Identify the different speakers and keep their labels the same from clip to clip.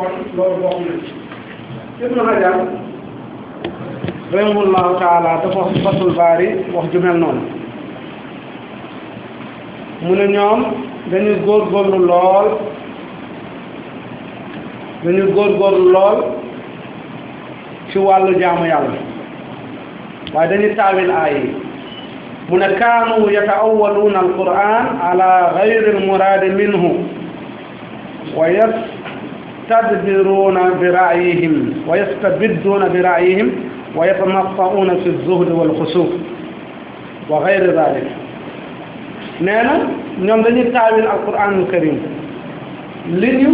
Speaker 1: kon loolu bokk na ci ibnu hajar rahimahullahu dafa wax baari wax ju noonu mu ne ñoom dañuy góorgóorlu lool dañuy góorgóorlu lool ci wàllu jaamu yàlla waaye dañuy taawil aay yi mu ne kaanu yataawaluuna alquran ala gayri almuraadi minhu wa يستدبرون برأيهم ويستبدون برأيهم ويتمطعون في الزهد والخسوف وغير ذلك نانا ñoom dañuy taawil alquranul karim li ñu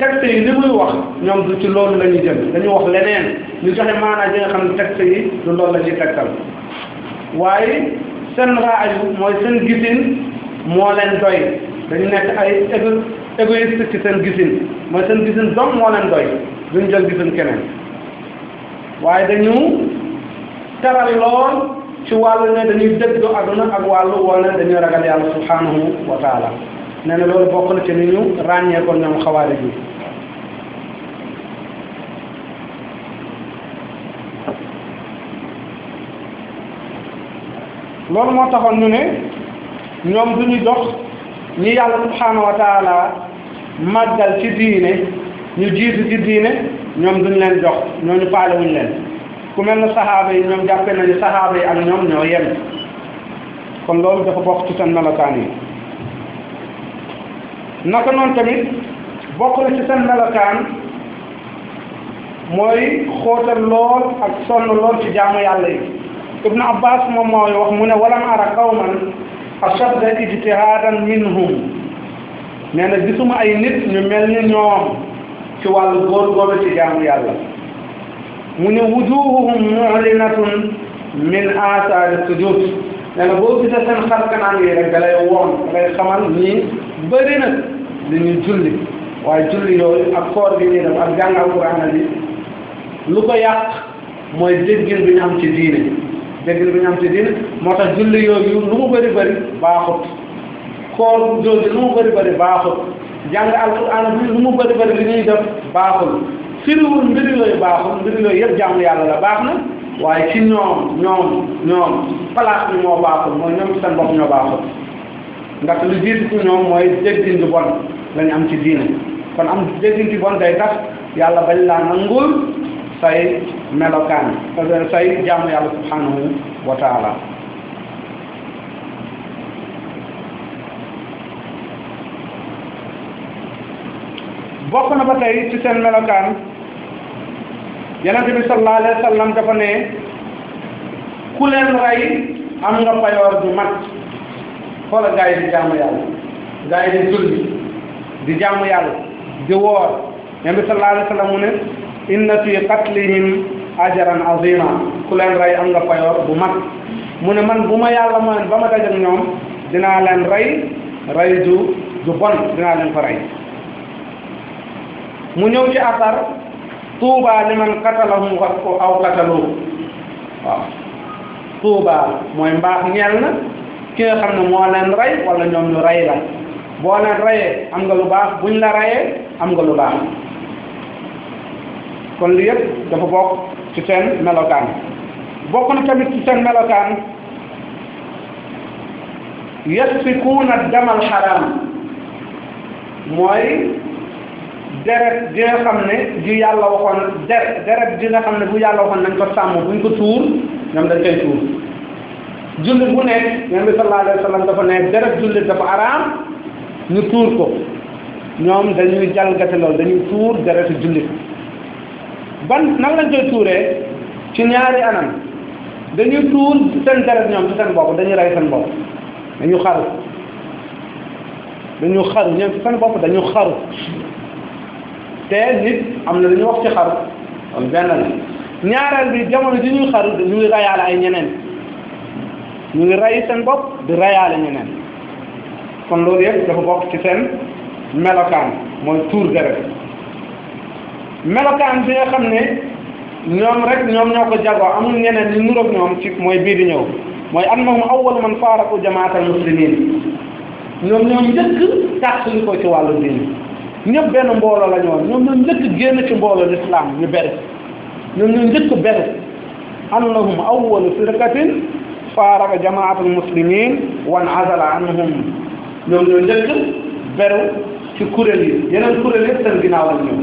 Speaker 1: texte yi li muy wax ñoom du ci loolu la ñuy jël dañu wax leneen ñu joxe maanaam yi nga xam ne texte yi du loolu la ñuy tegtal waaye seen raaju mooy seen gisin moo leen doy dañu nekk ay égoïste ci seen gisin mooy seen gisin dong moo leen doy duñ jël gisin keneen waaye dañu teral lool ci wàllu ne dañuy dëddu aduna ak wàllu wala dañuy ragal yàlla subhanahu wa taala nee na loolu bokk na ci ni ñu ràññee ko ñoom xawaari bi loolu moo taxoon ñu ne ñoom du ñu dox ñi yàlla subhanahu màggal ci diine ñu jiitu ci diine ñoom duñ leen jox ñooñu faale wuñ leen ku mel ne saxaaba yi ñoom jàppe nañu saxaaba yi ak ñoom ñoo yem kon loolu dafa bokk ci seen melokaan yi naka noonu tamit bokk na ci seen melokaan mooy xóotal lool ak sonn lool ci jaamu yàlla yi ibnu abbas moom mooy wax mu ne walam ara qawman ashadda ijtihadan minhum nee na gisuma ay nit ñu mel ni ñoom ci wàllu góor góobe ci jaamu yàlla mu ne wujuhuhum mu'linatun min asaari sujud nee na boo gisee seen xar kanam yi rek da lay woon da lay xamal ñii bëri na dañuy julli waaye julli yooyu ak koor bi ñuy def ak jàng alquran bi lu ko yàq mooy déggin bi ñu am ci diine déggin bi ñu am ci diine moo tax julli yooyu lu mu bëri ba baaxut koor jooju lu baax bëri bëri baaxul jàng alquran bi lu mu bëri bëri li ñuy def baaxul firiwul mbiri yooyu baaxul mbiri yooyu yëpp jaamu yàlla la baax na waaye ci ñoom ñoom ñoom place bi moo baaxul mooy ñoom ci seen bopp ñoo baaxul ndax lu jiitu ci ñoom mooy déggin ju bon lañu am ci diine kon am déggin ju bon day tax yàlla bañ laa nangul say melokaan say jaamu yàlla subhanahu wa taala bokk na ba tey ci seen melokaan yonent bi sallallahu alayhi wa sallam dafa ne ku leen rey am nga payoor ju mat xoola gaa yi di jaamu yàlla gaa yi di julli di jaamu yàlla di woor yonent bi sallallahu alayhi wa mu ne inna fi qatlihim ajaran azima ku leen am nga payoor bu mag mu ne man bu ma yàlla mooy ba ma dajak ñoom dinaa leen rey rey ju bon dinaa leen fa rey mu ñëw ci asar tuubaa li man qatalahum wax ko aw qataloo waaw tuubaa mooy mbaax ñeel na ki nga xam ne moo leen rey wala ñoom ñu rey la boo leen reyee am nga lu baax buñ la reyee am nga lu baax kon li yëpp dafa bokk ci seen melokaan bokk na tamit ci seen melokaan yasfikuuna damal xaraam mooy deret ji xam ne ju yàlla waxoon deret deret xam ne bu yàlla waxoon nañ ko sàmm buñ ko tuur ñoom dañ koy tuur jullit bu nekk ñoom bi sallallahu alayhi wa sallam dafa ne deret jullit dafa araam ñu tuur ko ñoom dañuy jalgate loolu dañuy tuur deretu jullit ban nan lañ koy tuuree ci ñaari anam dañuy tuur seen deret ñoom ci seen bopp dañuy rey seen bopp dañu xaru dañu xaru ñoom ci seen bopp dañu xaru te nit am na lu wax ci xaru kon benn la ñaareel bi jamono ji ñuy xaru ñu ngi rayaale ay ñeneen ñu ngi ray seen bopp di rayaale ñeneen kon loolu yëpp dafa bokk ci seen melokaan mooy tuur deret melokaan bi nga xam ne ñoom rek ñoom ñoo ko jagoo amul ñeneen ñu nuroog ñoom mooy bii di ñëw mooy annahum awwal man faaraqu jamaat al muslimin ñoom ñoo njëkk tàqali ko ci wàllu diine ñëpp benn mbooloo la ñoon ñoom ñoo njëkk génn ci mbooloo lislaam ñu bere ñoom ñoo njëkk bere annahum awwalu firqatin faaraga jamaatul muslimin wan azala anhum ñoom ñoo njëkk beru ci kuréel yi yeneen kuréel yëpp seen ginnaaw la ñëw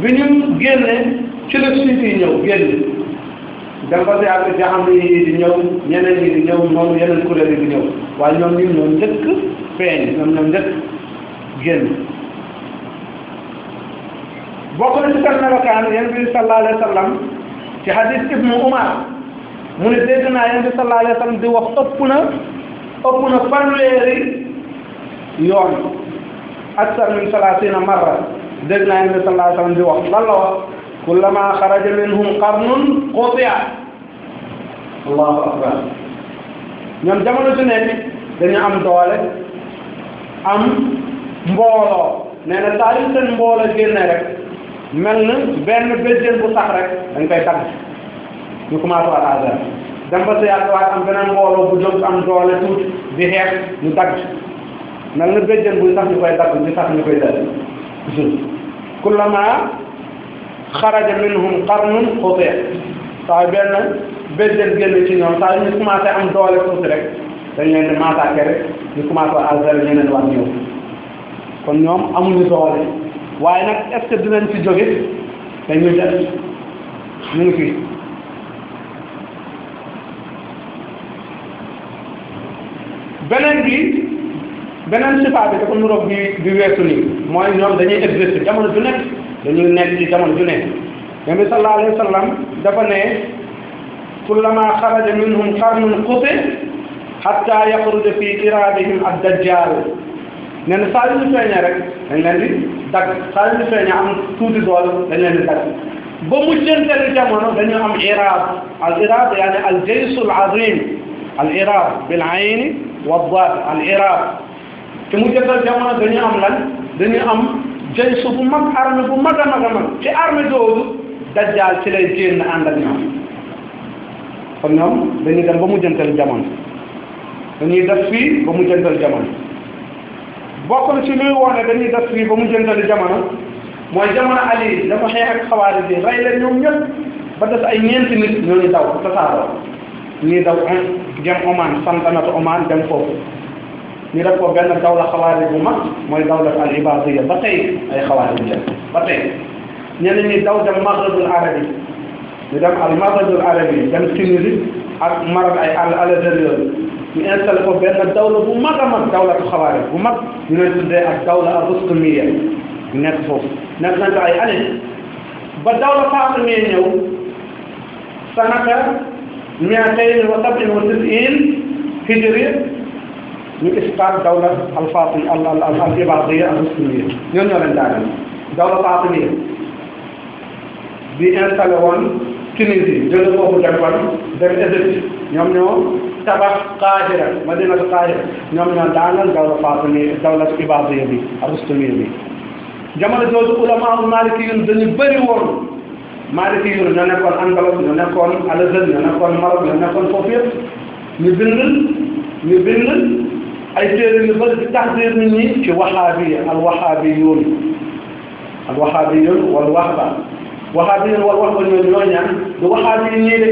Speaker 1: bi ñu génnee ci la suite yi ñëw génn dem ba yàgg jaxam yi di ñëw ñeneen yi di ñëw noonu yeneen kuréel yi di ñëw waaye ñoom ñun ñoo njëkk ñoom ñoo njëkk bokk na ci seen melokaan bi sallallahu alayhi wa sallam ci hadis ibnu mu ne dégg naa yonent bi sallallahu alayhi wa sallam di wax ëpp na ëpp na fanweeri min salaasina marra dégg naa yonent bi sallallahu alayhi wa sallam di wax lan la wax kullama xaraja minhum qarnun quti'a akbar ñoom jamono su nekk dañu am doole am mbooloo na saa yu seen mbooloo génne rek mel na benn béjjén bu sax rek dañ koy tagg ñu commencé waat azar dem ba sa yàlla waat am beneen mbooloo bu jóg am doole tuuti di xeex ñu dagg mel na béjjén buy sax ñu koy dagg di sax ñu koy dal jul kullama xaraja minhum qarnun xutia saa benn béjjén génn ci ñoom saa ñu commencé am doole tuuti rek dañ leen di massacrer rek ñu commencé waat azar ñeneen waat ñëw kon ñoom amuñu doole waaye nag est-ce que dinañ ci jóge dañu def ñu ngi fi beneen bi beneen sifaa bi dafa nuroog bi bi weesu nii mooy ñoom dañuy exercer jamono ju nekk dañuy nekk ci jamono ju nekk nabi sallallahu alayhi wa sallam dafa ne kullama xaraja minhum qarnun qute hatta yaxruja fi iraadihim ad-dajjal nee na saa yu ñu feeñee rek dañ leen di dagg mu yu ñu feeñee am tuuti doole am iraab al iraab yaani al jaysul azim al iraab bil ayni wa al iraab te mujjanteelu jamono dañu am lan am jaysu bu mag armée bu mag a mag a mag ci armée doobu dajjaal ci lay génn ànd ak ñoom kon ñoom dañuy dem ba mujjanteelu jamono dañuy def mu ba mujjanteelu bokk na ci luy wone dañuy def fii ba mu jëntali jamono mooy jamono Ali dafa xeex ak xawaari bi rey leen ñoom ñëpp ba des ay ñeenti nit ñooñu daw tasaaroo ñii daw un dem Oman santanatu Oman dem foofu ñu def ko benn dawla xawaari bu mag mooy dawla al ibadiya ba tey ay xawaari bi ba tey ñenn ñi daw dem maghribul arabi ñu dem al maghribul arabi y Tunisie ak Maroc ay àll à l'intérieur ñu installé ko benn dawla bu mag a mag dawlatu xawaarij bu mag ñu lay tuddee ak dawla ar ay année ba dawla fatimiyya ñëw sanata miatayn wa sab'in wa tis'in hijri ñu isqaat dawla al-fatim al al al ibadiyya ar-rustumiya ñoom ñoo leen daaneel dawla fatimiyya bi installé woon Tunisie jëlee foofu dem woon dem Égypte ñoom ñoo. تبع القاهرة مدينة القاهرة ñoom ñoo daanal dawla Fatimiyya dawla Ibaadiyya bi Rustumiyya bi jamono jooju ulama maliki yun dañu bëri woon maliki yun ñoo nekkoon Andalus ñoo nekkoon Alazan ñoo nekkoon Maroc ñoo nekkoon foofu yëpp ñu bind ñu bind ay téere yu bëri di taxdir nit ñi ci waxaabi al waxaabiyuun al waxaabiyuun wal waxba waxaabiyuun wal waxba ñooñu ñoo ñaan du waxaabi ñii de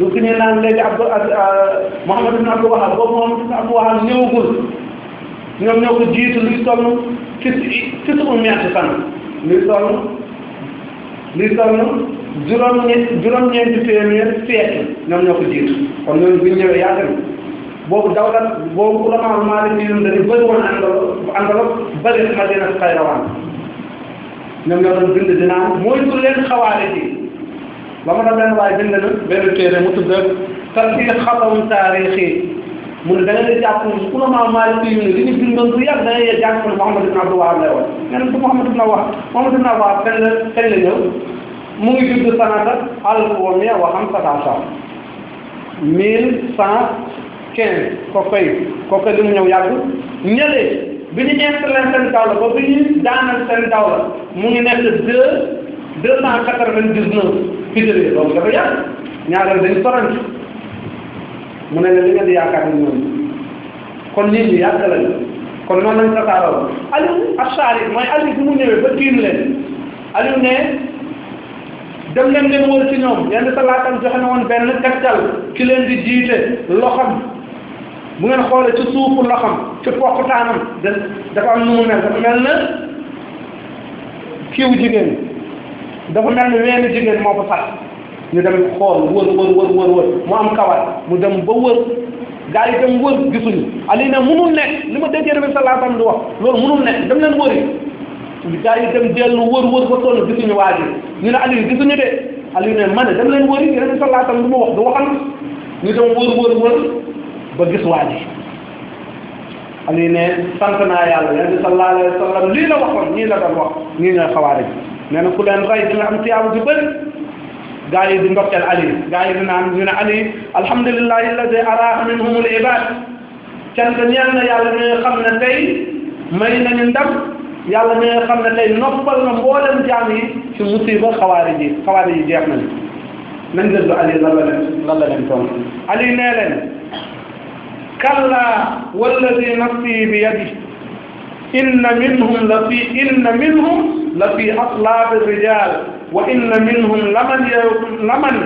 Speaker 1: du fi ne naan léegi Abdou euh, Mouhamed ibn Abdou Wahab boobu Mouhamed ibn Abdou Wahab ñëwagul ñoom ñoo ko jiitu luy toll ci ci suñu ñetti fan luy toll luy toll juróom-ñeent juróom-ñeenti téeméer siècle ñoom ñoo ko jiitu kon ñooñu bu ñu ñëwee yàgg na boobu dawlat boobu ulama Maalik yi ñoom dañu bëri woon àndalo àndalo bëri Madina Xayrawaan ñoom ñoo doon bind dinaa moytu leen xawaare yi ba ma waaye bind na benn mu tudd tartiib xatam taarix mu ne da nga di jàpp ne ulama maliki yu ne li ñu bindoon bu yàgg da ngay jàpp ne Muhammad ibn Abdul Wahab lay wax nee na du Muhammad ibn Wahab Muhammad ibn Wahab la kañ la ñëw mu ngi judd sanata alf wa mia wa xamsata ashar mille cent quinze kooku koy mu yàgg ñële bi dawla ba bi ñu dawla mu ngi nekk deux deux cent quatre vingt dix neuf fidélité loolu dafa yàgg ñaareel dañu sorante mu ne la li nga di yaakaar ni ñoom kon nit ñi yàgg lañu kon noonu lañ tasaaroo Aliou Achari mooy Aliou bi mu ñëwee ba tiim leen Aliou ne dem leen ngeen wër ci ñoom yenn salaatam joxe na woon benn tegtal ki leen di jiite loxam bu ngeen xoolee ci suufu loxam ci poqutaanam da dafa am nu mu mel dafa mel na kiiw jigéen dafa mel ni weenu jigéen moo ko fat ñu dem xool wër wër wër wër wër mu am kawar mu dem ba wër gaa yi dem wër gisuñu ali ne li ma déggee nabi sallallahu alayhi di wax loolu munul nekk dem leen wëri gaa yi dem dellu wër wër ba toll gisuñu waa ji ne ali gisuñu de ali ne ma dem leen wëri nabi sallallahu alayhi wasallam lu ma wax du waxal ñu dem wër wër wër ba gis waa ji ali ne sant naa yàlla nabi sallallahu alayhi wasallam lii la waxoon ñii la doon wax ñii ñooy xawaari nee na ku leen rey dina am tiyaab ju bëri gaa yi di ndokkeel ali gaa yi di naan ñu ne ali alhamdulillahi alladi araha minhum al ibad cant ñeel na yàlla mi nga xam ne tey may nañu ndam yàlla mi nga xam ne tey noppal na mboolem jaam yi ci musiba xawaari ji xawaari ji jeex nañu nañ dëddu ali lan la leen lan la leen tontu ali nee leen kalla walladi nafsi bi yadi inna minhum la fi inna minhum la fi aslaabi rijaal wa inna minhum laman laman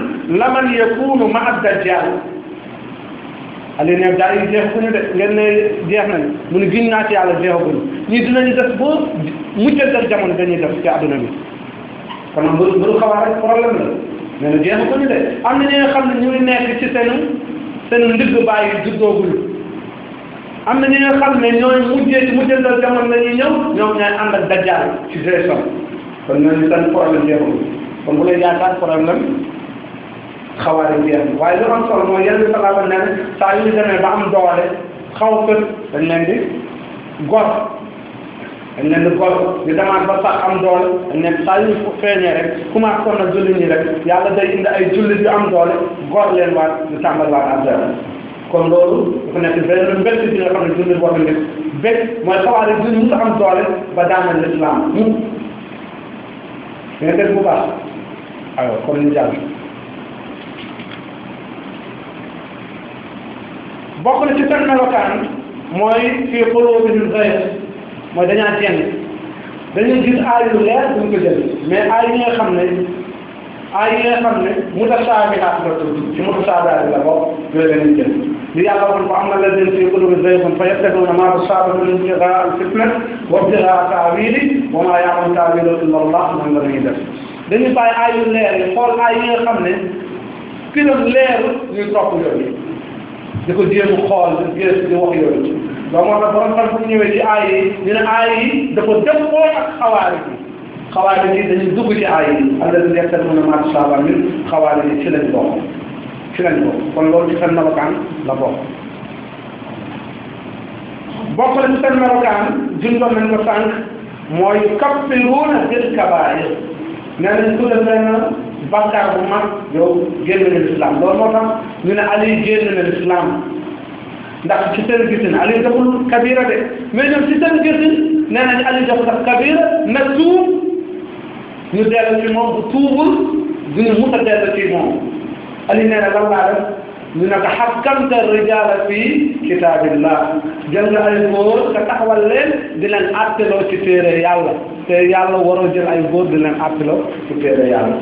Speaker 1: laman yakunu maa dajjaal Aliou ne gaa yi jeexuñu de ngeen ne jeex nañu mu ne giñ naa ci yàlla jeexaguñu ñii dinañu def ba mujjantal jamono dañuy def ci adduna bi kon mbiru mbiru xabaar rek problème la nee na jeexaguñu de am na ñi nga xam ne ñu ngi nekk ci seen seen ndigg bàyyi juddoogul am na ñi nga xam ne ñooy mujjee ci mujjëndal jamono la ñuy ñëw ñoom ñooy ànd ak dajjaal ci direction kon ñooñu seen problème jeexul kon bu leen yaakaar problème xawaari jeex waaye li am solo mooy yenn salaaba nee na saa yu ñu demee ba am doole xaw kër dañ leen di gor dañ leen di gor di demaat ba sax am doole dañ leen saa yu feeñee rek commencé kon na julli ñi rek yàlla day indi ay jullit yu am doole gor leen waat di tàmbaliwaat ak kon loolu dafa nekk benn mbett bi nga xam ne dund boo xam ne bépp mooy xawaare dund mu am doole ba daanal lislaam mu nga def bu baax alors kon ñu jàll bokk na ci seen melokaan mooy fii xoloo bi ñu doyet mooy dañaa jenn dañuy gis aay yu leer duñ ko jël mais aay yi nga xam ne aay yi nga xam ne mutasaabihaat la tudd ci mutasaabihaat la bokk yooyu la ñuy jël li yàlla waxoon fa amma alladina fi qulubi zaygun fa yattabiuna ma tashabaha min ibtigaa alfitna wa ibtigaa taawili wa ma yaalamu taawilahu illa allah moom la ñuy def dañuy bàyyi ayu leer yi xool ay yi nga xam ne firam leeru ñuy topp yooyu di ko jéem xool di gës di wax yooyu loolu moo tax borom xam bu ñëwee ci aay yi ñu ne aay yi dafa dëppoo ak xawaari bi xawaari yi dañuy dugg ci aay yi alladina yattabiuna ma tashabaha min xawaari yi ci lañ bokk ci lañ bokk kon loolu ci seen melokaan la bokk bokk la ci seen melokaan jundoon nañ ko sànq mooy kappiruuna bil kabaayir nee nañ su def benn bàkkaar bu mag yow génn na lislaam moo tax ñu ne Ali génn na lislaam ndax ci seen gisin Ali deful kabira de mais ñoom ci seen gisin nee Ali deful sax kabira na tuub ñu dellu ci moom bu tuubul duñu mës a dellu ci moom Ali nee na lan laa def ñu ne ko xakkamta rijaala fii kitaabillah jël nga ay góor te taxawal leen di leen atteloo ci téere yàlla te yàlla waroo jël ay góor di leen atteloo ci téere yàlla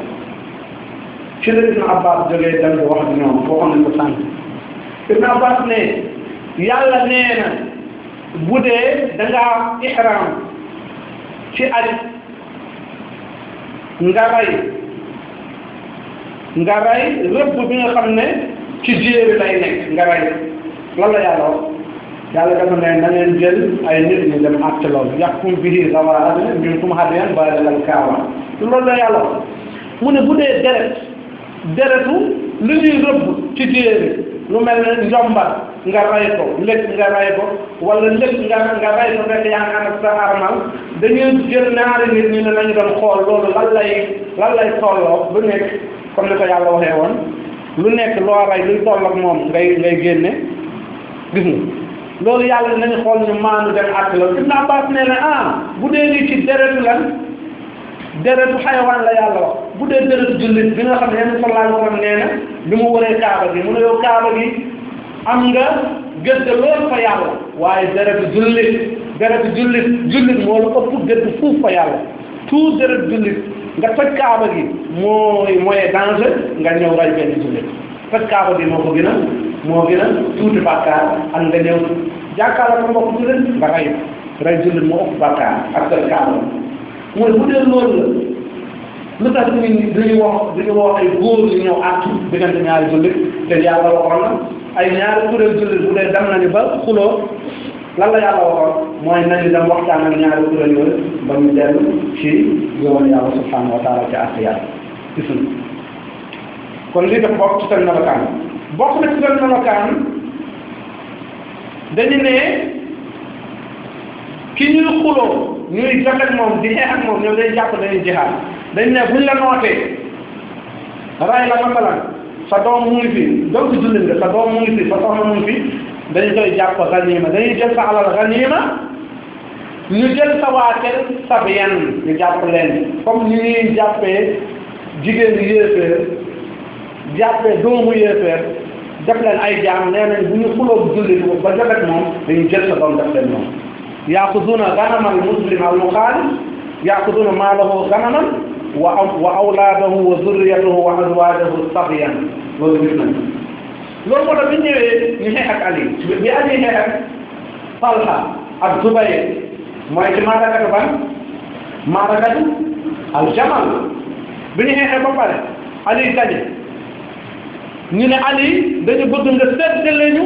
Speaker 1: ci la Ibn Abbas jógee dem di wax ak ñoom foo xam ne ko sànq Ibn Abbas ne yàlla nee na bu dee da ngaa ihram ci aj nga rey nga rey rëbb bi nga xam ne ci jéeri lay nekk nga rey lan la yàlla wax yàlla dafa ne na leen jël ay nit ñi dem àtte loolu yàqum bihi zawaarane min kum hadiyan baaligal kaawa loolu la yàlla wax mu ne bu dee deret deretu lu ñuy rëbb ci jéeri lu mel ne njombat nga ray ko lépp nga ray ko wala lépp nga nga ray ko fekk yaa ngi ànd ak sa armal dañuy jël ñaari nit ñi ne nañu doon xool loolu lan lay lan lay tolloo lu nekk comme ni ko yàlla waxee woon lu nekk loo ray luy tolloog moom ngay ngay génne gis nga loolu yàlla nañu xool ñu maanu dem àtt la Ibn Abbas nee na ah bu dee lii ci deretu lan deretu xayawaan la yàlla wax bu dee deretu jullit bi nga xam ne sallallahu alayhi wa sallam nee na bi mu waree kaaba gi mu ne yow kaaba gi am nga gëdd lool waaye yàlla waaye deret jullit deret jullit jullit moo la ëpp gëdd fuuf fa yàlla tout deret jullit nga toj kaaba gi mooy mooy danger nga ñëw ray benn jullit toj kaaba gi moo ko gën a moo gën a tuuti bàkkaar ak nga ñëw jàkkaarloo ko mbokk jullit nga ray ray jullit moo ëpp bàkkaar ak toj kaaba mooy bu dee loolu la lu tax duñu duñu wax duñu wax ay góor yu ñëw àtt diggante ñaari jullit te yàlla waxoon na ay ñaari kuréel jullit bu dee dem ba xuloo lan la yàlla waxoon mooy nañu dem waxtaan ak ñaari kuréel yooyu ba ñu dellu ci yoon yàlla subhanahu wa taala ci àtt kon lii def bokk ci seen melokaan bokk na ci seen melokaan dañu ne ki ñuy xuloo ñuy joxe ak moom di xeex ak moom ñoom day jàpp dañuy jihaad dañ la nootee ray sa doom mu ngi fi donc jullit nga sa doom mu ngi fi sa soxna mu ngi fi dañ ganima dañuy sa alal ganima ñu jël sa waatel sa bien ñu jàpp leen comme ñu ñuy jàppee jigéen yéeféer jàppee doomu yéeféer def leen ay jaam nee nañ bu ñu xulóog jullit ba jabet moom dañu jël sa doom def leen al muxaalif yaakuduuna maalahu ganaman wa awlaadahu wa zurriyatahu wa azwaajahu sabiyan loolu moo tax bi ñëwee ñu xeex ak Ali bi Ali xeex ak Talha ak Zubayr mooy ban Madaka al Jamal bi ñu xeexee ba ñu ne Ali dañu bëgg nga séddale ñu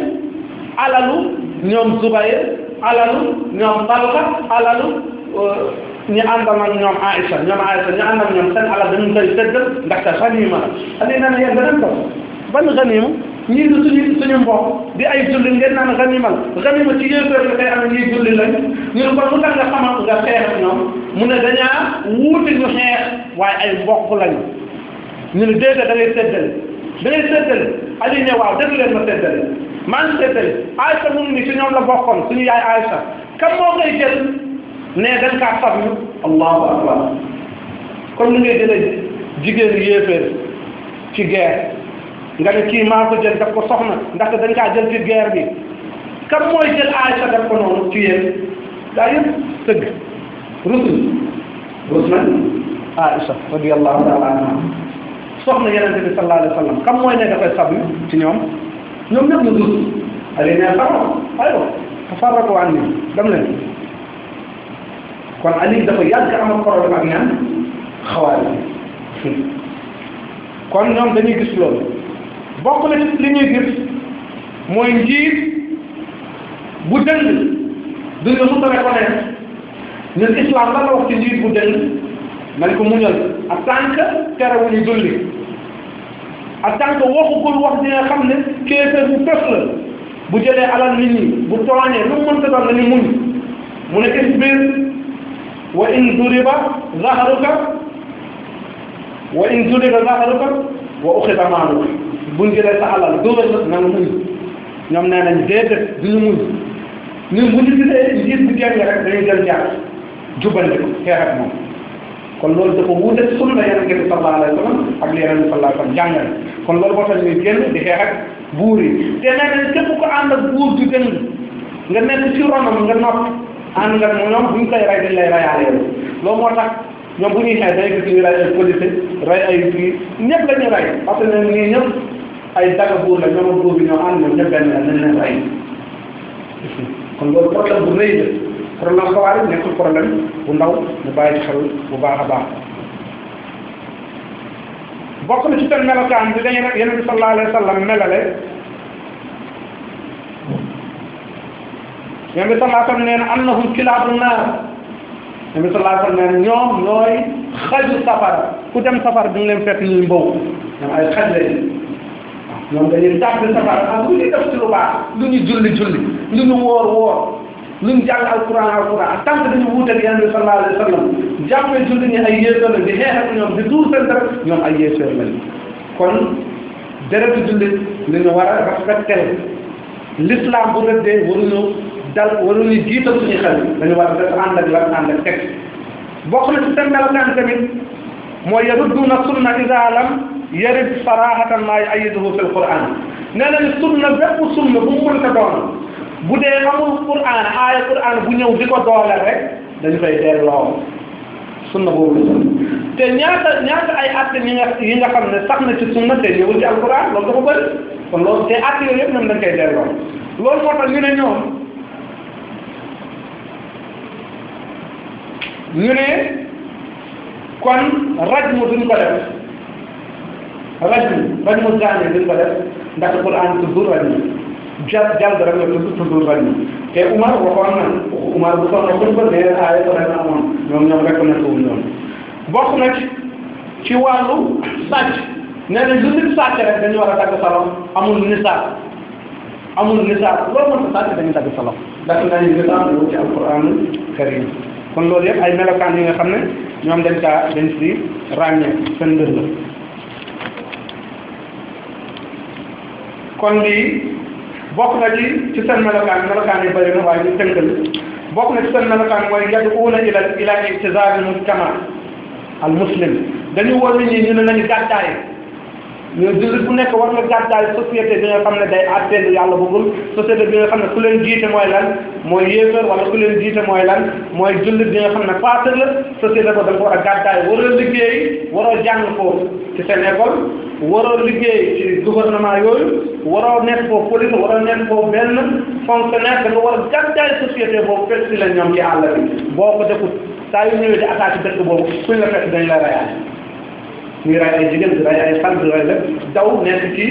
Speaker 1: alalu ñoom Zubayr alalu ñoom Talha alalu ñi àndal ak ñoom Aïcha ñoom Aïcha ñi àndal ñoom seen alal dañu koy séddal ndaxte xaniima la andi na ne yéen beneen ban xaniima ñii suñu suñu mbokk di ay julli ngeen naan xaniima la xaniima ci yéefar la koy amee ñuy julli lañ ñu ne kon lu tax nga xamal nga ñoom mu ne dañaa wuute ñu xeex waaye ay mbokk lañu ñu ne déedéet da ngay séddale da ngay séddale Ali ne waaw dégg leen ma séddale maa ngi séddale Aïcha ni ci ñoom la bokkoon suñu yaay Aïcha kan moo koy jël ne dañ kaa fab ñu akbar comme ni ngay jëlee jigéen yéeféer ci guerre nga ne kii maa ko jël daf ko soxna ndaxte dañ kaa jël ci guerre bi kan mooy jël Aïcha daf ko noonu ci yéen daa yëpp sëgg rusul rus na Aïcha radiyallahu taala anha soxna yenente bi sallallahu alayhi wa sallam kan ne dafay sab ci ñoom ñoom ñëpp ñu dus ali ne faro aywa tafarraqu anni kon Ali dafa yàgg amal problème ak ñaan xawaari kon ñoom dañuy gis loolu bokk na ci li ñuy gis mooy njiit bu dëng duñ la mënta reconnaître ñun islam lan la wax ci bu dëng nañ ko muñal en tant que terewuñu julli en tant que waxugul wax di nga xam ne kéefeer bu fes la bu jëlee alal nit ñi bu tooñee lu mu mënta doon nañu muñ mu nekk ci biir wa in duriba zaharuka wa in duriba zaharuka wa uxida maaluka buñ jëlee sa alal dóoral la na nga muñ ñoom nee nañ déedéet duñu muñ ñun bu ñu gisee njiit bu jàng rek dañuy jël jaar jubbanti ko xeex ak moom kon loolu dafa wuute sunna yeneen bi sallallahu alayhi wa sallam ak li yeneen bi sallallahu alayhi wa sallam jàngale kon loolu moo tax ñuy génn di xeex ak buur yi te nee nañ képp ko ànd ak buur ju gën nga nekk ci ronam nga noppi ànd nga ñoom bu ñu koy rey dañ lay reyaale yow loolu moo tax ñoom bu ñuy xeex dañuy ñuy rey ay policier rey ay kii ñëpp ay daga buur la ñoom buur bi ñoo ànd ñoom ñëpp benn la nañ leen rey kon loolu problème bu rëy la problème ko waari nekkul problème bu ndaw mu bàyyi ci xel bu baax a baax bokk na ci seen melokaan bi dañu rek yeneen bi Yonent bi sallallahu alayhi wa sallam nee na annahum kilaatu naar Yonent bi sallallahu alayhi wa sallam nee na ñoom ku dem safara bi ñu leen fekk ñuy mbow ñoom ay xaj lañu ñoom dañuy jàpp safara ak lu ñu def ci lu baax ñu julli julli lu ñu wóor wóor lu ñu jàng alquran alquran tant que dañu wuuteeg Yonent bi sallallahu alayhi julli ñi ay yéefar la di xeex ak ñoom di tuur seen dara ñoom ay yéefar lañu kon deretu jullit li ñu war a respecté l'islam bu rëddee waruñu dal waru ñu jiital suñu xel dañu war a def na ak lan ànd ak teg bokk na ci seen melokaan tamit mooy yarudduuna sunna idaa lam yarid sarahatan maa yu'ayyiduhu fi l-Qur'an nee nañu sunna bépp sunna bu mu mënta doon bu dee amul Qur'an aaya Qur'an bu ñëw di ko dooleel rek dañu fay delloo sunna boobu te ñaata ñaata ay atte yi nga yi nga ne sax na ci sunna te ñëwul ci alquran loolu dafa bëri kon loolu te atte yooyu yëpp ñoom dañ koy delloo loolu moo tax ñu ne ñoom. ñu ne kon rajmu duñ ko def rajmu rajmu zaane duñ ko def ndax Quran tuddul rajmu jal jal rek la tudd tuddul rajmu te Umar waxoon na Umar bu soxla buñ ko nee aaya ko ren amoon ñoom ñoom rek nekk wuñ noonu bokk na ci wàllu sàcc nee na lu nit sàcc rek dañu war a dagg salom amul nisaab amul nisaab loolu mën sa sàcc dañu dagg salom ndax nañu nisaab lu ci alquran karim kon loolu yëpp ay melokaan yi nga xam ne ñoom dañ caa dañ si ràññee la kon lii bokk na ci ci seen melokaan melokaan yi bëri na waaye ñu tënkal bokk na ci seen melokaan mooy yad'uuna ila ila ihtizaari mujtama al muslim dañu woo nit ñi ñu ne nañu mais jullit bu nekk war na gàddaay société bi nga xam ne day àtteel yàlla bëggul société bi nga xam ne ku leen jiite mooy lan mooy yéefar wala ku leen jiite mooy lan mooy jullit bi nga xam ne faasar la société ko da nga war a gàddaay waroo liggéey waroo jàng foofu ci seen école waroo liggéey ci gouvernement yooyu waroo nekk foofu police waroo nekk foofu benn fonctionnaire da nga war a gàddaay société boobu fekk si la ñoom ci àll bi boo ko defut saa yu ñëwee di attaque dëkk boobu kuñ la fekk dañ la rayaat ñuy raay ay jigéen di raay ay xal di raay daw nekk ci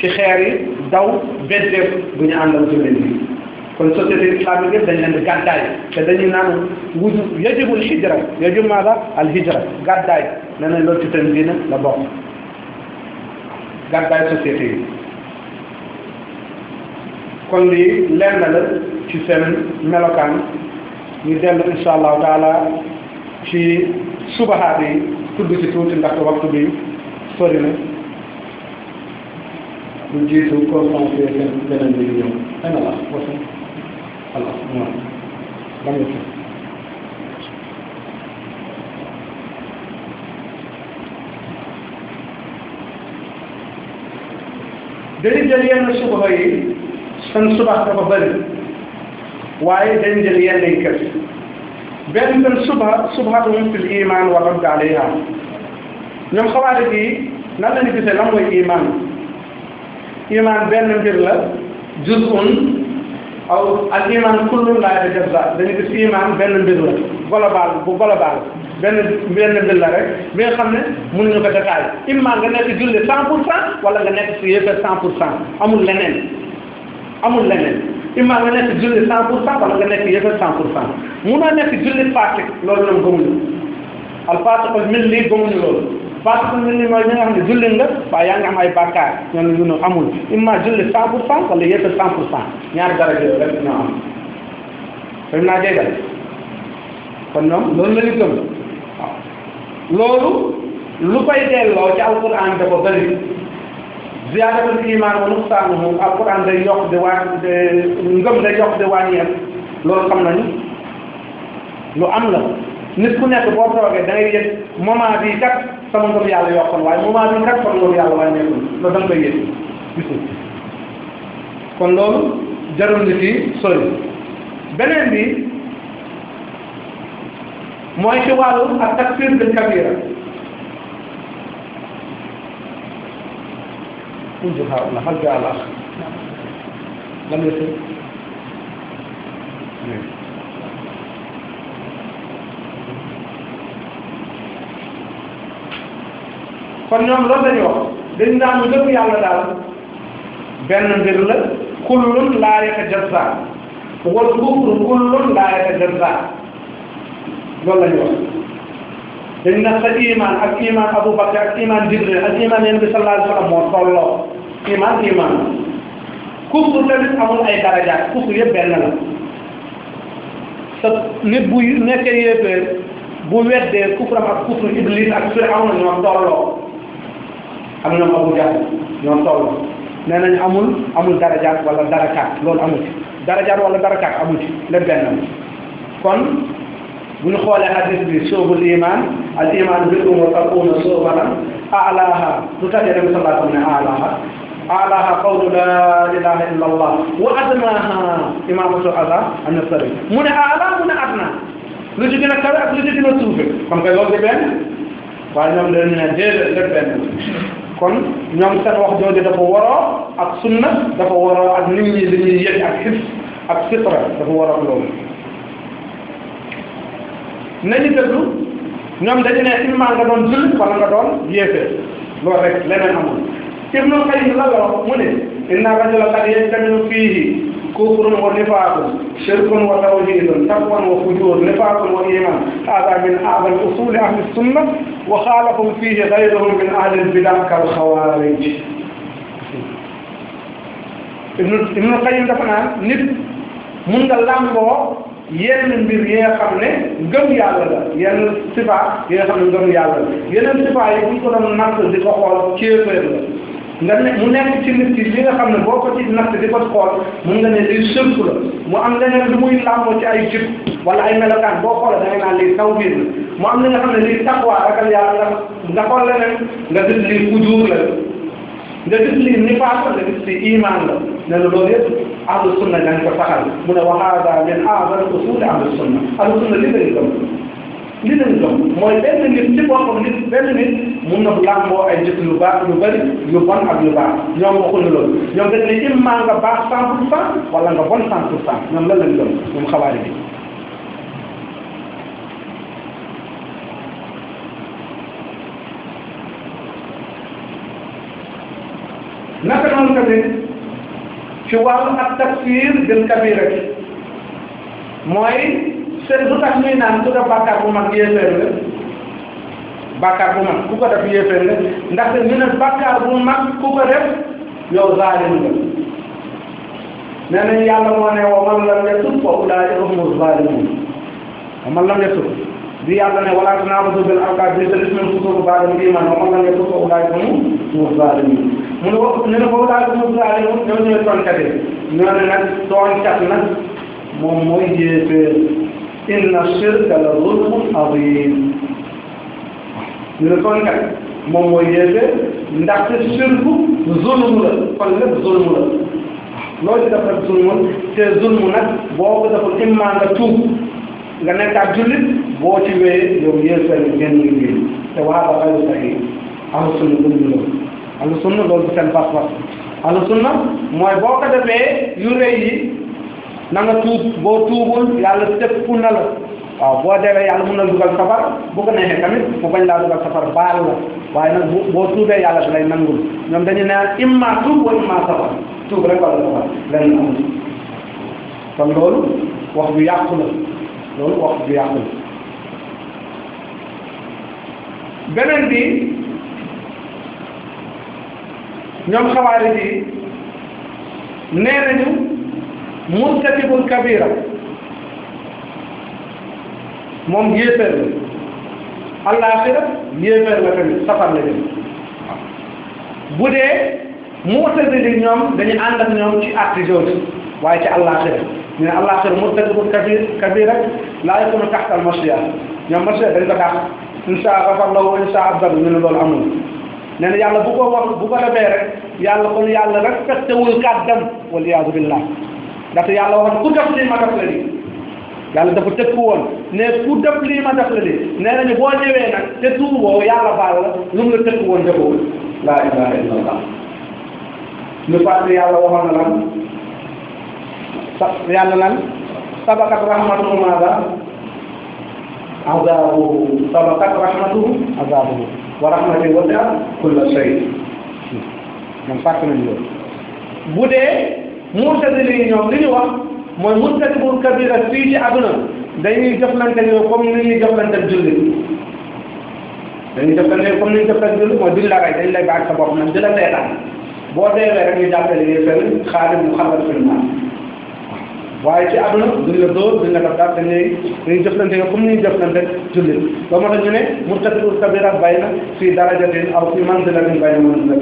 Speaker 1: ci xeer yi daw beddeef bu ñu àndal jëleen bi kon société islamique yëpp dañ leen di gàddaay te dañuy naan wuju yajibul hijra yajib maa la al hijra gàddaay nee na loolu ci seen diine la bokk gàddaay société yi kon lii lenn la ci seen melokaan ñu dellu insha allahu taala ci subaxaat yi tudd ci tuuti ndax waxtu bi sori na lu jiitu conférence seen beneen bi ñëw ana la wasa ala moom lan la dañu jël yenn subaxa yi seen subax dafa bëri waaye dañu jël yenn benn subha subhatun fil iman wa radd alayha ñoom xawaarij yi na lañu gisee lan mooy iman iman benn mbir la juz'un aw al iman a la yatajazza dañu gis iman benn mbir la global bu global benn benn mbir la rek bi nga xam ne mënuñu ko détaillé imma nga nekk julli cent pour cent wala nga nekk si yéefe cent pour cent amul leneen amul leneen imaam nga nekk jullit cent pour cent wala nga nekk yëfër cent pour cent munoo nekk jullit faatiq loolu ñoom gëmuñu al faatiqul milli gëmuñu loolu faatiqul milli mooy ñi nga xam ne jullit nga waaye yaa ngi am ay bàkkaar ñoom ñu ne amul imaam jullit cent pour cent wala yëfër cent pour cent ñaari dara jël rek ñoo am dañ naa déggal kon ñoom loolu la ñu gëm waaw loolu lu koy delloo ci alquran dafa bëri ziyaadatul iman wa nuqsaanuhu alquran day yokk di waa ngëm day yokk di wàññeeku loolu xam nañu lu am la nit ku nekk boo toogee da ngay yëg moment bii kat sama ngëm yàlla yokkoon waaye moment bii kat sama ngëm yàlla wàññeeku loolu da nga koy yëg gis kon loolu jarul nit yi sori beneen bi mooy ci wàllu ak takfir bil kabira وجهاؤنا هل جاء العصر لم يصل kon ñoom loolu lañu wax dañ naan lu dëgg yàlla daal benn la kullun laa yatajazza wal kufru kullun laa yatajazza loolu lañu wax na sa iman Abu Bakar ak iman Jibril ak iman yéen bi sallallahu alayhi wa sallam iman iman kufur tamit amul ay darajaat kufur yëpp benn la sa nit bu nekkee yéeféer bu weddee kufram ak kufur iblis ak firawna ñoo tolloo ak ñoom Abu Jahl ñoo tolloo nee nañ amul amul darajaat wala darakaat loolu amul ci darajaat wala darakaat amul ci kon bu ñu xoolee hadis bi sóobul iman al iman bil umur al umur sóobala alaha lu tax yéen a ne alaha alaha qawlu la ilaha illa allah wa adnaha imaamu su ala ana sari mu ne ala mu ne adna lu ci gën a kawe ak lu ci gën a suufe kon kay loolu ñoom dañu ne déedéet lépp benn ñoom seen wax jooju dafa waroo ak sunna dafa waroo ak nit ñi li ñuy yëg ak xis ak sitra dafa waroo loolu nañu déglu ñoom dañu ne imma nga doon jullit wala nga doon yéefee loolu rek leneen amul Ibnu Qayyim la wax mu ne inna rajula qad yajtamiu fiihi kufrun wa nifaaqun shirkun wa tawhiidun taqwan wa fujuur nifaaqun wa iimaan haadaa min a'zami usuuli ahli sunna wa xaalafahum fiihi gayruhum min ahli l-bidaa' kal xawaarij Ibnu Ibnu Qayyim dafa nit mun nga làmboo yenn mbir yi nga xam ne ngëm yàlla la yenn sifa yi nga xam ne ngëm yàlla la yeneen sifa yi bu ñu ko doon natt di ko xool kéeféer la nga ne mu nekk ci nit ki li nga xam ne boo ko na natt di ko xool mun nga ne lii sënku la mu am leneen lu muy làmboo ci ay jub wala ay melokaan boo xoolee da nga naan lii taw biir la mu am li nga xam ne lii taqwa ragal yàlla nga nga xool leneen nga gis lii fujuur la nga gis lii nifaaq la nga gis lii iman la ne la loolu yëpp ahlu sunna dañ ko saxal mu ne wa haada min aadal usuul ahlu sunna ahlu sunna li lañ gëm li leen gëm mooy benn nit ci boppam nit benn nit mun na làmboo ay jëf lu baax lu bëri yu bon ak lu baax ñoom waxuñu loolu ñoom dañ ne imma nga baax cent pour cent wala nga bon cent pour cent ñoom lan lañ gëm ñoom xawaari bi naka noonu tamit ci wàllu ak tafsir bil kabira mooy te lu tax ñuy naan ku def bàkkaar bu mag yéeféer la bàkkaar bu ma ku ko def yéeféer la ndaxte ñu ne bàkkaar bu mag ku ko def yow zaalim nga nee nañ yàlla moo ne wa man lam yatub fa ulaa'ika humu zaalimuun wa man lam yatub bi yàlla ne wala tanaabazu bil alqaab bi dal ismul fusuuqu ba'da al iimaan wa man lam yatub fa ulaa'ika humu zaalimuun mu ne wa ne ne fa ulaa'ika humu zaalimuun ñoo ñooy tooñkat yi ñoo ne nag tooñkat nag moom mooy yéeféer inna shirka la zulmun azim ñu ne kon nag moom mooy yéete ndaxte shirku zulmu la kon nag zulmu la loo ci def nag zulmun te zulmu nag boo ko deful imma nga tuub nga nekk ak jullit boo ci wéyee yow yéefar ngeen ngi wéy te waa ba xayru sahi ahlu sunna bu ñu loolu ahlu sunna loolu seen pas-pas ahlu sunna mooy boo ko defee yu rëy yi na nga tuub boo tuubul yàlla tëpp na la waaw boo deewee yàlla mun na safar bu ko neexee tamit mu bañ laa dugal safar baal la waaye nag bu boo tuubee yàlla da lay nangul ñoom dañu naan imma tuub wa imma safar tuub rek wala safar lenn amul kon wax bu yàqu la wax bu yàqu la beneen bi ñoom xawaari bi murtatibun kabira moom yéeféer la allaaxira yéeféer la tamit safar la jëm bu dee murtatili ñoom dañu ànd ak ñoom ci àtte jooju waaye ci allaaxira ñu ne allaaxira murtatibun kabir kabira laa yakunu taxta al masiya ñoom masiya dañ ko dàq insa gafarlahu wa insa abdalu ñu ne loolu amul nee na yàlla bu ko wax bu ko defee rek yàlla kon yàlla respecté wul kàddam waliyaadu billah ndax yàlla wax ku def lii ma def la lii yàlla dafa tëkku woon ne ku def lii ma def la lii nee nañu boo ñëwee nag te tuuboo yàlla baal la lu mu la tëkku woon defoo laa ilaha illa allah ñu fàttali yàlla waxoon na lan sa yàlla lan sabakat rahmatuhu maada azabuhu sabakat rahmatuhu azabuhu wa rahmati wasiat kulla shay ñoom hmm. fàttali nañu loolu bu dee murtadil yi ñoom li ñu wax mooy murtadibul kabira fii ci àdduna dañuy jëflante ñoom comme ni ñuy e jullit dañuy jëflante comme ni ñuy jëflante jullit mooy duñ la rey dañ lay baax sa bopp nag di la seetaan boo deewee rek ñu jàppale li fenn xaalis mu xamal fi mu waaye ci àdduna duñ la dóor duñ la def daal dañ lay dañuy jëflante ñoom comme ni ñuy jëflante jullit ba ma tax ñu ne murtadibul kabira bay na fii darajatin aw fii manzilatin bay na mën na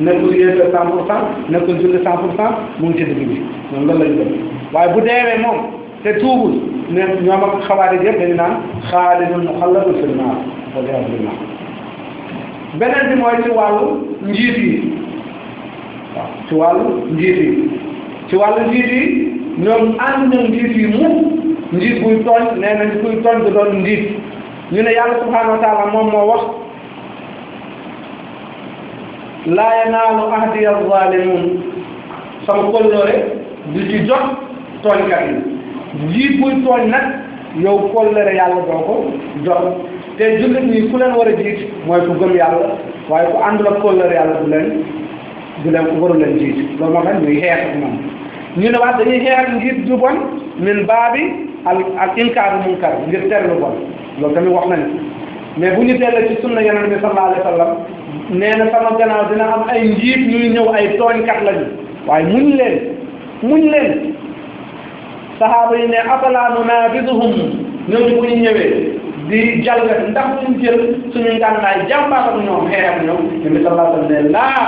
Speaker 1: nekkul yéen la cent pour cent nekkul julli cent pour cent mu ngi ci dugg bi ñoom loolu lañ waaye bu deewee moom te tuubul ne ñoom ak xawaari yëpp dañu naan xaalidun muxalladun fi naar waliyaadu billah beneen bi mooy ci wàllu njiit yi waaw ci wàllu njiit yi ci wàllu njiit yi ñoom ànd na njiit yi mu njiit buy tooñ nee nañ kuy tooñ du doon njiit ñu ne yàlla subhanahu wa taala moom moo wax laa yanaalu ahdiya zaalimuun sama kolloore du ci jot tooñkat yi jiit buy tooñ nag yow kolloore yàlla doo ko jot te jullit ñi ku leen war a jiit mooy ku gëm yàlla waaye ku àndul ak kolloore yàlla du leen du leen waru leen jiit loolu moo tax ñuy xeex ak moom ñu ne waat dañuy xeex ak ngir du bon min baabi al al inkaaru munkar ngir tere lu bon loolu tamit wax nañu mais bu ñu dellee ci sunna yeneen bi sallallahu alayhi nee na sama gannaaw dina am ay njiit ñuy ñëw ay tooñkat lañu waaye muñ leen muñ leen saxaaba yi ne afala nunaabiduhum ñooñu bu ñu ñëwee di jalgat ndax duñ jël suñu ngànnaay jàmbaar ak ñoom xeex ak ñoom ñu ngi sallallahu alayhi wa laa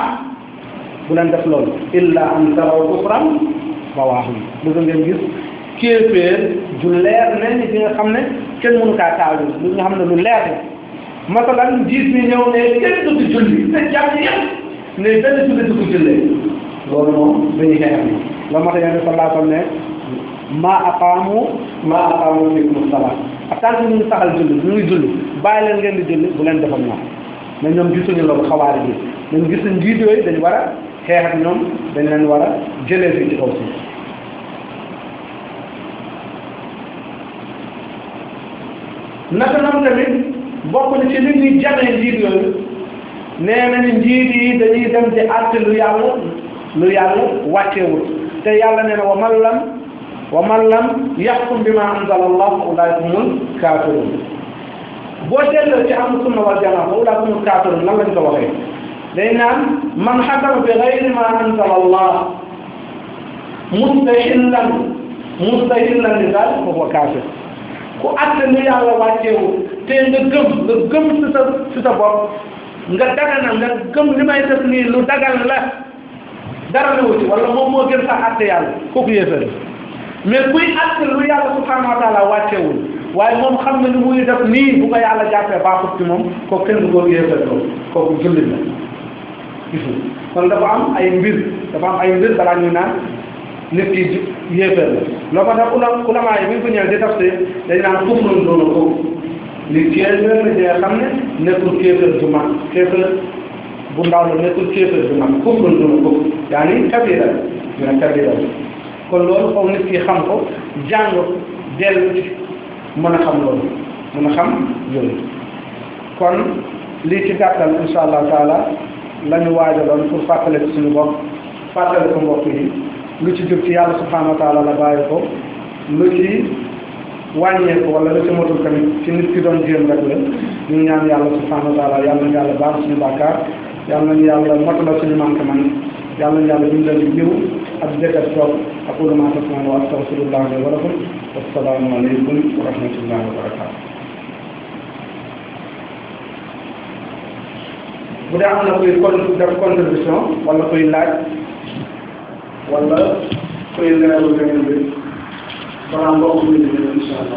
Speaker 1: bu leen def loolu illa an taraw kufran bawaaxum bu ngeen gis kéeféer ju ne ni bi ne kenn mënu kaa taalu lu nga xam ne lu masalan diis mi ñëw ne kenn du julli te jàmm yëpp ne benn julli du ko jullee moom dañuy xeex ni la ma tax sallallahu alayhi wa sallam ne maa aqaamu maa aqaamu fiikum salaat ak tant que ñu saxal julli ñu julli bàyyi leen ngeen di julli bu leen defal ñoom mais ñoom gisuñu loolu xawaari bi ñoom gisuñu njiit yooyu dañu war a xeex ñoom dañ leen war a jëlee fii ci kaw suuf naka noonu tamit bokk na ci li ñuy jamee njiit yooyu nee nañu njiit yi dañuy dem di àtte lu yàlla lu yàlla wàccewul te yàlla nee na wa man lam wa man lam yaxkum bi ma anzala allah fa ulaayka humul kaafiruun boo seetloo ci am sunna wal jamaa fa ulaayka humul kaafiruun lan lañ ko waxee day naan man xakama bi gayri ma allah mustahillan mustahillan li daal fa kaafir ku àtte lu yàlla wàccewul te nga gëm nga gëm ci sa ci sa bopp nga daganal nga gëm li may def nii lu dagal la dara newu ci wala moom moo gën sax àtte yàlla kooku yéefar mais kuy àtte lu yàlla subhanahu wa taala wàccewul waaye moom xam na ni muy def nii bu ko yàlla jàppee baaxut ci moom kooku kenn du ko yéefar loolu kooku jullit la gisu kon dafa am ay mbir dafa am ay mbir balaa ñuy naan ki yéefar la loo ko tax ulama yi bu ñu ko ñëwee di tafsir dañ naan kufrun doona kooku li kéefër la nga xam ne nekkul kéefër bu mag kéefër bu ndaw la nekkul kéefër bu mag kufr duna kufr yaa ni kabira dina kabira kon loolu foog nit ki xam ko jàng dellu ci mën a xam loolu mën a xam loolu kon lii ci gàttal insha allah taala la ñu waajaloon pour fàttale ko suñu bopp fàttale ko mbokk yi lu ci jub ci yàlla subhanahu wa la bàyyi ko lu ci wàññeeku wala la ci motul tamit ci nit ki doon jéem rek la ñu ñaan yàlla subhanahu wa taala yàlla na yàlla baal suñu bàkkaar yàlla na yàlla motal suñu manquement yàlla na yàlla bindal ñu ñëw ak jëkk ak toog aqulu ma tasmaun wa astaghfirullah li wa lakum wassalaamu aleykum wa rahmatullahi wa barakatu bu dee am na kuy con def contribution wala kuy laaj wala kuy leeru leneen bi balaa nga ko mën a def incha allah